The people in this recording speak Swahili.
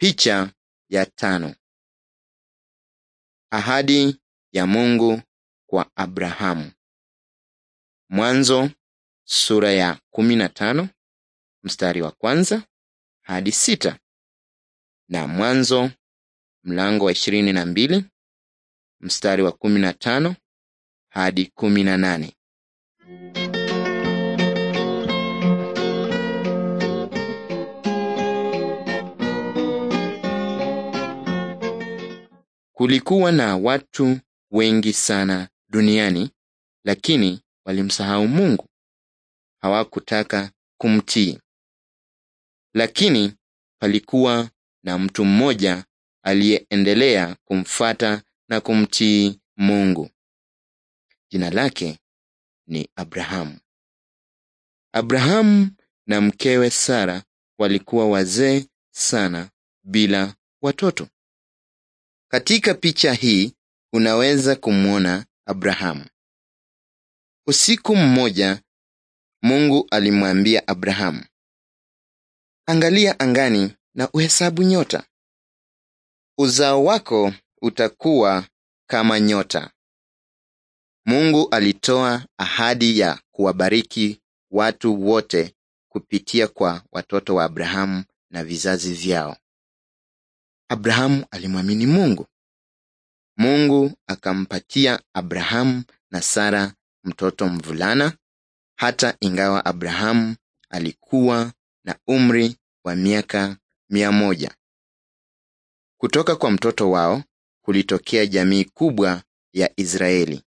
Picha ya tano: Ahadi ya Mungu kwa Abrahamu. Mwanzo sura ya kumi na tano mstari wa kwanza hadi sita na Mwanzo mlango wa ishirini na mbili mstari wa kumi na tano hadi kumi na nane Kulikuwa na watu wengi sana duniani, lakini walimsahau Mungu. Hawakutaka kumtii. Lakini palikuwa na mtu mmoja aliyeendelea kumfata na kumtii Mungu. Jina lake ni Abrahamu. Abrahamu na mkewe Sara walikuwa wazee sana bila watoto. Katika picha hii unaweza kumwona Abrahamu. Usiku mmoja Mungu alimwambia Abrahamu, "Angalia angani na uhesabu nyota. Uzao wako utakuwa kama nyota." Mungu alitoa ahadi ya kuwabariki watu wote kupitia kwa watoto wa Abrahamu na vizazi vyao. Abrahamu alimwamini Mungu. Mungu akampatia Abrahamu na Sara mtoto mvulana hata ingawa Abrahamu alikuwa na umri wa miaka mia moja. Kutoka kwa mtoto wao kulitokea jamii kubwa ya Israeli.